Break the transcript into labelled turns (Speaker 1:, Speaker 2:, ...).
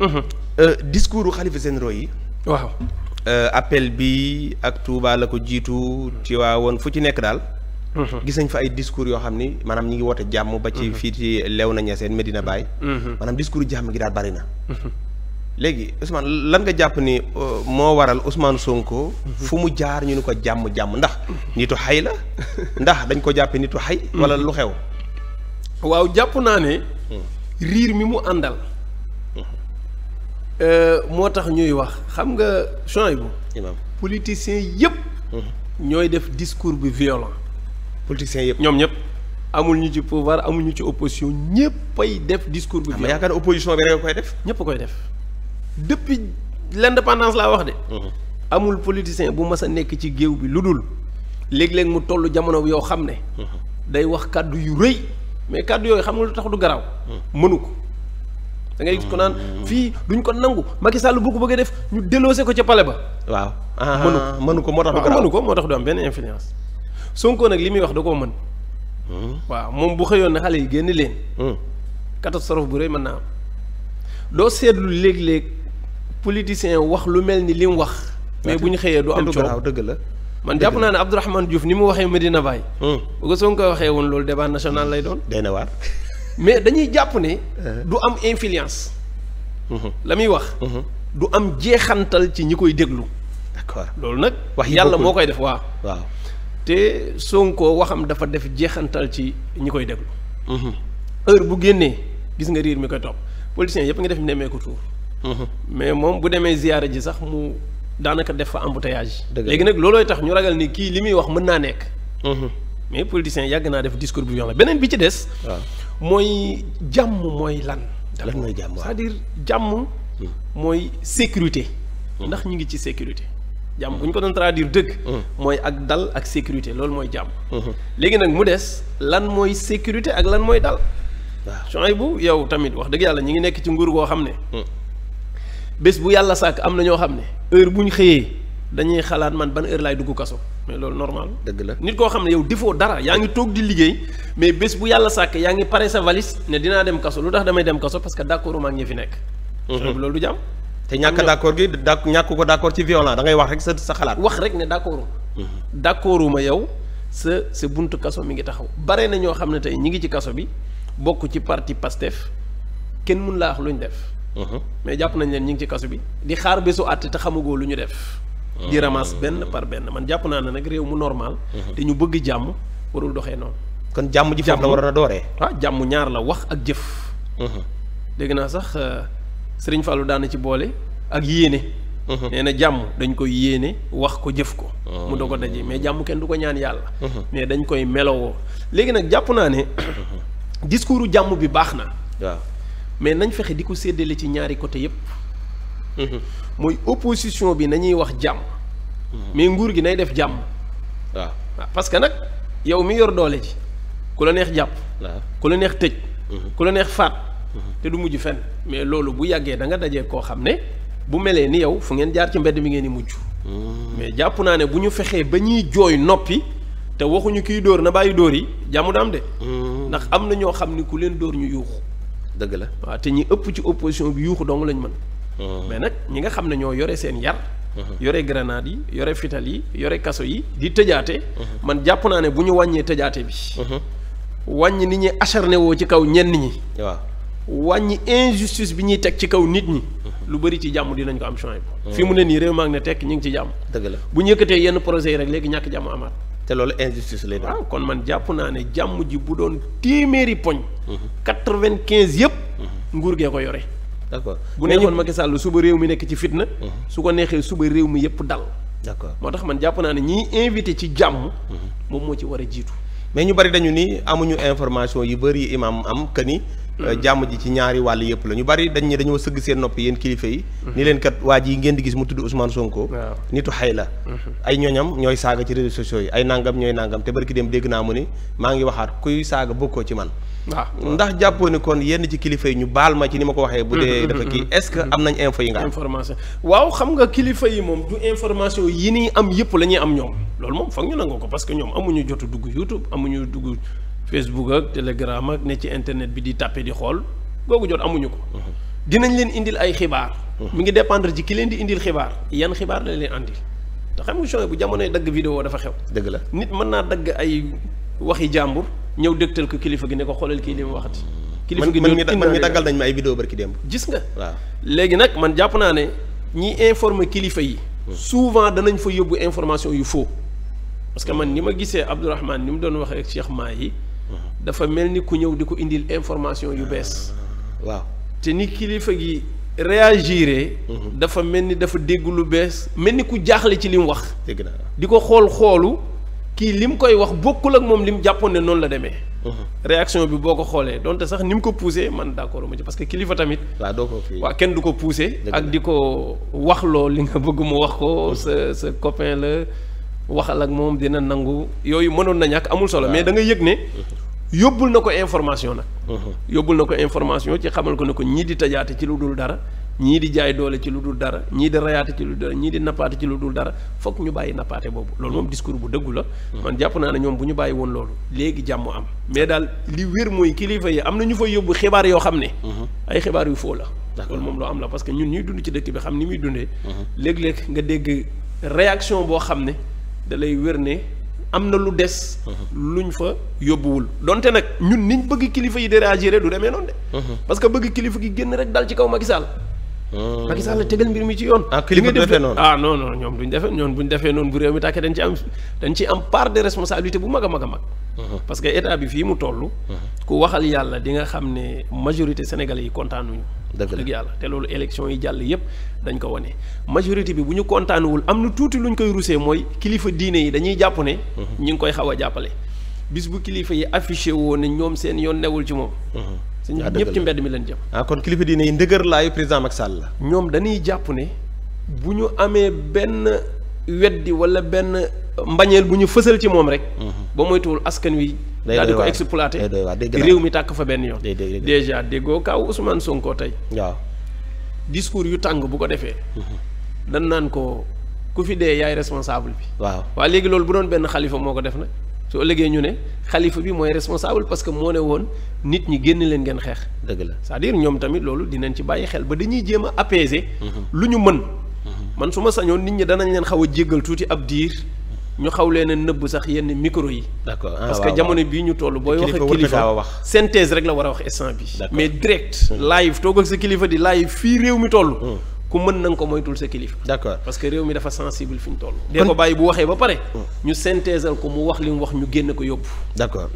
Speaker 1: Mhm. Euh, discours u xalifa généraux yi waaw euh, appel bi ak Touba la ko jiitu ci waa woon fu ci nekk daal mhm. gis nañ fa ay discours yoo xam ni maanaam ñi ngi woote jàmm ba ci mhm. fii ci lew na seen Medina Baye maanaam discours jàmm gi daal bari na léegi Ousmane lan nga jàpp ni euh, moo waral Ousmane Sonko. fu mu jaar ñu ni ko jàmm jàmm ndax nitu xay la ndax dañ ko jàppee nitu xay wala lu xew
Speaker 2: waaw jàpp naa ne hmm. riir mi mu àndal Euh, moo tax ñuy wax xam nga change bu politiciens yëpp mhm. ñooy def discours bi violent politiciens yëpp ñoom ñëpp amul ñu ci pouvoir amul ñu ci opposition ñëpp ay def discours bi violent yaakaar opposition bi rek koy def ñëpp koy def depuis l'indépendance laa wax de mhm. amul politicien bu mas a nekk ci géew bi lu dul léeg-léeg mu tollu jamono yoo xam ne mhm. day wax kàddu yu rëy mais kàddu yooyu xam nga lu tax du garaaw mënu ko da ngay gis ko naan fii duñ ko nangu Macky Sall bu ko a def ñu déloosé ko ca pale ba. waaw ah. mënu ko ko moo tax. mënu ko moo tax du am benn influence. Sonko nag li muy wax da koo mën. Hmm. waaw moom bu xëyoon na xale yi génn leen. Hmm. catastrophe bu rëy mën naa am. doo seetlu léeg-léeg politicien wax lu mel ni li mu wax. mais bu ñu xëyee du am coow dëgg la. man jàpp naa ne Abdourahmane Diouf ni mu waxee Medina Baye. Hmm. bu ko Sonko waxee woon loolu débat national lay doon. day na mais dañuy jàpp ne. Euh. du am influence. Mm-hmm. la muy wax. Mm-hmm. du am jeexantal ci ñi koy déglu. d'accord loolu nag. wax yàlla moo koy def waaw. waaw te Sonko waxam dafa def jeexantal ci ñi koy déglu. Mm-hmm. heure bu génnee gis nga riir mi koy topp politiciens yëpp nga def nemmeeku tuur. mais moom bu demee ziyaara ji sax mu daanaka def fa embouteillage. léegi nag loolooy tax ñu ragal ni kii li muy wax mën naa nekk. mais politiciens yàgg naa def discours bu violent beneen bi ci des. waaw mooy jàmm mooy lan. lan jàmm cest jàmm. Hmm. mooy sécurité. Hmm. ndax ñu ngi ci sécurité. jàmm bu ñu ko doon traduire dëkk hmm. mooy ak dal ak sécurité loolu mooy jàmm. léegi nag mu des lan mooy sécurité ak lan mooy dal. waaw Chouaïbou yow tamit wax dëgg yàlla ñu ngi nekk ci nguur goo xam ne. bés bu yàlla sàkk am na ñoo xam ne heure bu ñu xëyee dañuy xalaat man ban heure laay dugg kaso. mais loolu normal dëgg la nit koo xam ne yow defoo dara yaa ngi toog di liggéey mais bés bu yàlla sàkk yaa ngi pare sa valise ne dinaa dem kaso lu tax damay dem kaso parce que d'accord ma ak ñi fi nekk mhm. loolu du jàmm te ñàkk d'accord gi da ñàkk ko d'accord ci violent da ngay wax rek sa sa wax rek ne d'accord mhm. d'accord ma yow sa sa buntu kaso mi ngi taxaw bare na ñoo xam ne tey ñi ngi ci kaso bi bokk ci parti Pastef kenn mun laa wax lu ñu def mhm. mais jàpp nañ leen ñi ngi ci kaso bi di xaar bésu àtte te xamugoo lu ñu def di ramas benn par benn man jàpp naa ne nag réew mu normal. Mhm. te ñu bëgg jàmm warul doxee noonu. kon jàmm ji foofu la waroon a dooree. ah la wax ak jëf. Mhm. dégg naa sax euh, Serigne Fallou daan na ci boole ak yéene. Mhm. nee na jàmm dañ koy yéene wax ko jëf ko. mu doog a daje oh. mais jàmm kenn du ko ñaan yàlla. mais dañ koy melowoo léegi nag jàpp naa ne. discours jàmm bi baax na. waaw mais nañ fexe di ko séddale ci ñaari côté yépp mooy opposition bi nañuy wax jàmm. mais nguur gi nay def jàmm. waaw parce que nag yow mi yor doole ji ku la neex jàpp. ku la neex tëj. Mhm. ku la neex faat. Mhm. te du mujj fen mais loolu bu yàggee da nga dajee koo xam ne bu melee ni yow fu ngeen jaar ci mbedd mi ngeen di mujj. Mhm. mais jàpp naa ne bu ñu fexee ba ñuy jooy noppi te waxuñu kiy dóor na bàyyi dóor yi jàmm daam de. ndax am na ñoo xam ni ku leen dóor ñu yuuxu. dëgg la waaw te ñi ëpp ci opposition bi yuuxu dong lañ mën. Uh-huh. mais nag ñi nga xam ne ñoo yore seen yar. Uh-huh. yore grenade yi yore fital yi yore kaso yi di tëjaate. Uh-huh. man jàpp naa ne bu ñu wàññee tëjaate bi. wàññi ni ñuy acharné woo ci kaw ñenn ñi. waaw wàññi injustice bi ñuy teg ci kaw nit ñi. lu bëri ci jàmm dinañ ko am changement. fi mu ne nii réew maa ngi ne tekk ñu ngi ci jàmm. dëgg la bu ñu yëkkatee yenn projet yi rek léegi ñàkk jàmm amaat. te loolu injustice lay waaw kon man jàpp naa ne jàmm ji bu doon téeméeri poñ. quatre-vingt-quinze yëpp. nguur gee ko yore. d'accord bu neexoon Macky Sall suba réew mi nekk ci fitna. Mhm. su ko neexee suba réew mi yëpp dal. d'accord moo tax man jàpp naa ne ñiy invité ci jàmm. Mhm. moom moo ci war a jiitu. mais ñu bari dañu ni amuñu information
Speaker 1: yu bari imam am que ni. Euh, jàmm ji ci ñaari wàll yëpp la ñu bari dañ ne dañoo sëgg seen nopp yéen kilifa yi mhm. ni leen kat waa ji ngeen di gis mu tudd Ousmane Sonko nitu xay la mhm. ay ñooñam ñooy saaga ci réseaux sociaux yi ay nangam ñooy nangam te barki dem dégg naa mu ni maa ngi waxaat kuy saaga bokkoo ci
Speaker 2: man ah, waaw ndax jàppoo ni kon yenn ci kilifa yi ñu baal ma ci ni ma ko waxee bu dee mhm, dafa kii est am nañ information waaw xam nga kilifa yi moom du information yi ni am yëpp la ñuy am ñoom loolu moom foog Facebook ak Telegram ak ne ci internet bi di tàppee di xool googu jot amuñu ko. dinañ leen indil ay xibaar. mu mhm. ngi dépendre ci ki leen di indil xibaar yan xibaar lañ leen indil te xam nga bu jamonoy dagg vidéo dafa xew. dëgg la nit mën naa dagg ay waxi jàmbur ñëw dégtal ko kilifa gi ne ko xoolal kii li mu waxati. kilifa gi man man mi daggal
Speaker 1: nañ ma ay vidéo barki démb. gis nga waaw
Speaker 2: léegi nag man jàpp naa ne ñiy informer kilifa yi. Mhm. souvent danañ fa yóbbu information yu faux. parce que mhm. man ni ma gisee Abdourahmane ni mu doon waxee ak Cheikh dafa mel ni ku ñëw di ko indil information yu bees. waaw te ni kilifa gi réagiré. Mhm. dafa mel ni dafa dégg lu bees mel ni ku jaaxle ci li mu wax. dégg naa di ko xool xoolu kii li mu koy wax bokkul ak moom li mu jàppoon ne noonu la demee. Mhm. réaction bi boo ko xoolee donte sax ni mu ko poussé man d' accord ma ci parce que kilifa tamit. waaw doo ko waaw kenn du ko poussé. ak di ko wax loo li nga bëgg mu wax ko mhm. sa sa copain la waxal ak moom dina nangu yooyu mënoon na ñàkk amul solo mais da nga yëg ne. yóbbul na ko information nag. Uh-huh. yóbbul na ko information ci xamal ko ne ko ñii di tajaate ci lu dul dara ñii di jaay doole ci lu dul dara ñii di rayaate ci lu dul dara ñii di nappaate ci lu dul dara foog ñu bàyyi nappaate boobu loolu moom discours bu dëggu la. Uh-huh. man jàpp naa ne ñoom bu ñu bàyyi woon loolu léegi jàmm am mais daal li wér mooy kilifa yi am na ñu fa yóbbu xibaar yoo xam ne. Uh-huh. ay xibaar yu foo la. loolu moom loo am la parce que ñun ñuy dund ci dëkk bi xam ni muy dundee. léeg-léeg nga dégg réaction boo xam ne da lay wér ne am na lu des. lu luñ fa yóbbuwul donte nag ñun niñ bëgg kilifa yi di réagir du demee noon de. Mhm. parce que bëgg kilifa gi génn rek dal ci kaw Macky Sall. Oh. Macky Sall tegal mbir mi ci yoon. ah kilifa defee noonu ah non non ñoom duñ defee ñoom buñ defee noonu bu réew mi tàkkee dañ ci am dañ ci am part de responsabilité bu mag a mag a mag. Mhm. parce que état bi fii mu toll. Mhm. ku waxal yàlla di nga xam ne majorité sénégal yi kontaan nañu. dëgg yàlla te loolu élection yi jàll yépp dañ ko wane majorité bi bu ñu kontaanwul am na tuuti lu ñu koy rusee mooy kilifa diine yi dañuy jàpp ne mhm. ñu ngi koy xaw a jàppale bis bu kilifa yi affiché woo ne ñoom seen yoon newul ci moom mhm. suñ ñëpp ah, ci mbedd mi leen jëm
Speaker 1: ah, kon kilifa diine yi ndëgër laayu président Macky Sall la
Speaker 2: ñoom dañuy jàpp ne bu ñu amee benn weddi wala benn mbañeel bu ñu fësal ci moom rek mhm. ba moytuwul askan wi day daal di ko exploité réew mi tàkk fa benn yoon déjà déggoo kaw Ousmane sonkoo tey waaw discours yu tàng bu ko defee
Speaker 1: mm-hmm.
Speaker 2: dan naan ko ku fi dee yaay responsable bi waaw waaw léegi loolu bu doon benn xalifa moo ko def nag su ëllëgee ñu ne xalifa bi mooy responsable parce que moo ne woon nit ñi génn leen ngeen xeex dëgg la saa à ñoom tamit loolu dinañ ci bàyyi xel ba dañuy jéem a mm-hmm. lu ñu mën
Speaker 1: mm-hmm.
Speaker 2: man su ma sañoon nit ñi danañ leen xaw a jéggal tuuti ab diir ñu xaw leen a nëbb sax yenn micro yi.
Speaker 1: d'accord ah, parce que jamono
Speaker 2: bii ñu toll. booy wax ak kilifa wax synthèse rek la war a wax instant bi mais direct. live toog ak sa kilifa di live fii réew mi toll. Hmm. ku mën na ko moytul sa kilifa. d'accord parce que réew mi dafa sensible fi ñu toll. dee ko bàyyi bu waxee ba pare. Hmm. ñu synthèsal ko mu wax li mu wax ñu génn ko yóbbu.
Speaker 1: d'accord.